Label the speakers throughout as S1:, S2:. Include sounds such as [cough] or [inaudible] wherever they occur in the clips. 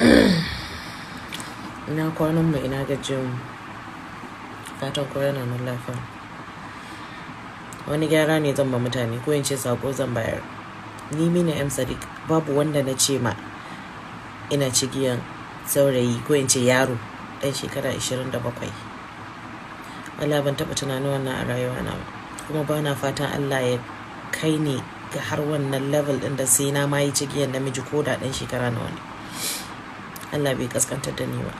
S1: [clears throat] ina kwanan mu ina gajiyar mu fatan ko yana nan wani gyara ne zan ba mutane ko in ce sako zan bayar ni mina m sadiq babu wanda na ce ma ina cigiyan saurayi ko in ce yaro ɗan shekara 27 Allah ban taɓa tunanin wannan a rayuwa ba kuma ba na fatan allah ya kai ni ga har wannan level ɗin da sai na ma yi cigiyan namiji ko da ɗan shekara nawa wani Allah bai kaskantar da ni ba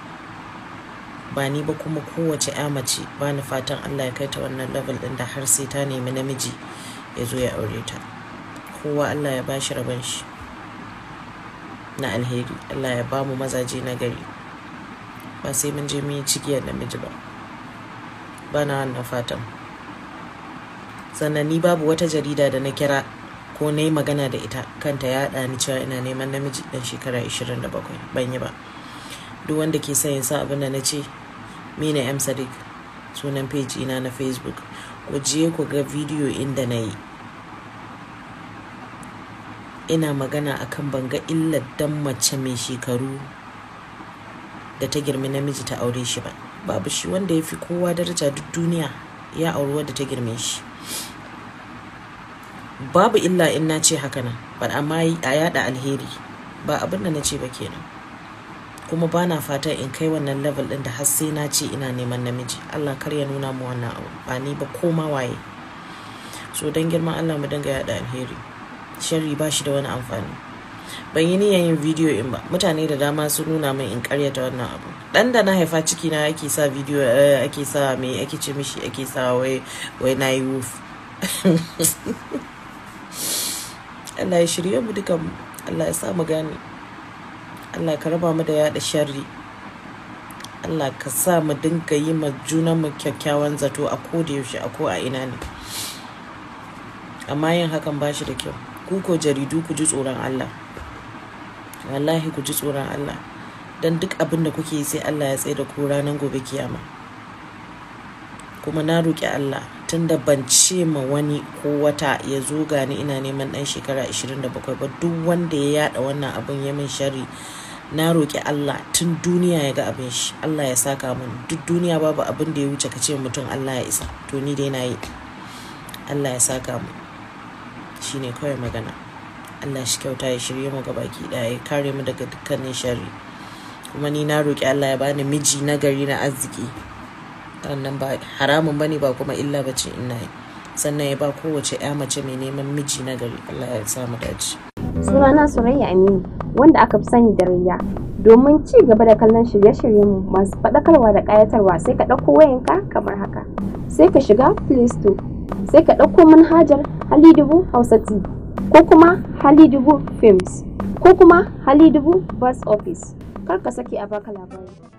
S1: ba ni ba kuma kowace ya mace ba ni fatan Allah ya kai ta wannan level din da har sai ta nemi namiji ya zo ya aure ta kowa Allah ya bashi rabon shi na alheri Allah ya bamu mazaje na gari ba sai mun je mun yi cigiyar namiji ba Ba na wannan fatan sannan ni babu wata jarida da na kira ko na yi magana da ita kanta ya haɗa ni cewa ina neman namiji ɗan shekara 27 ban yi ba duk wanda ke son ya sa abin na ce mina m sadiq sunan page ina na facebook ku je ku ga bidiyo inda na yi ina magana akan banga illar dan mace mai shekaru da ta girmi namiji ta aure shi ba babu shi wanda ya fi kowa daraja duk duniya ya auri wadda ta girme shi babu illa in na ce haka nan but amma a yada alheri ba abin da na ce ba kenan kuma ba na fata in kai wannan level din da har sai na ce ina neman namiji Allah kar ya nuna mu wannan abu ba ni ba koma waye so dan girman Allah mu dinga yada alheri sharri ba shi da wani amfani ban yi niyan yin bidiyo in ba mutane da dama sun nuna min in ta wannan abu dan da na haifa ciki na ake sa bidiyo eh, ake sa me ake ce mishi ake sa wai wai na yi wuf [laughs] Allah ya shirye mu dukan Allah ya sa mu gane Allah ka raba mu da yaɗa sharri Allah ka sa mu dinka yi ma junan mu kyakkyawan zato a ko da yaushe a ko a ina ne amma yin hakan ba shi da kyau ku ko jaridu ku ji tsoron Allah wallahi ku ji tsoron Allah dan duk abin da kuke yi sai Allah ya tsaye da ku ranar gobe kiyama kuma na roƙi Allah tunda ban ce ma wani ko wata ya zo gani ina neman ɗan shekara 27 ba duk wanda ya yada wannan abin ya min shari na roƙi Allah tun duniya ya ga abin shi Allah ya saka mun duk duniya babu abin da ya wuce ka ce mutum Allah ya isa to ni dai na yi Allah ya saka shi ne kawai magana Allah shi kyauta ya shirye mu baki ɗaya ya kare mu daga dukkanin shari kuma ni na roƙi Allah ya bani miji na gari na arziki wannan ba haramun bane ba kuma illa bace ina yi sannan ya ba kowace ya mace mai neman miji na gari Allah ya samu dace
S2: sunana Surayya Aminu wanda aka fi sani da Rayya domin ci gaba da kallon shirye-shiryenmu masu faɗakarwa da kayatarwa sai ka ɗauko wayanka kamar haka sai ka shiga Play Store sai ka ɗauko manhajar Halidubu Hausa TV ko kuma Halidubu Films ko kuma Halidubu Bus Office kar ka sake a baka labari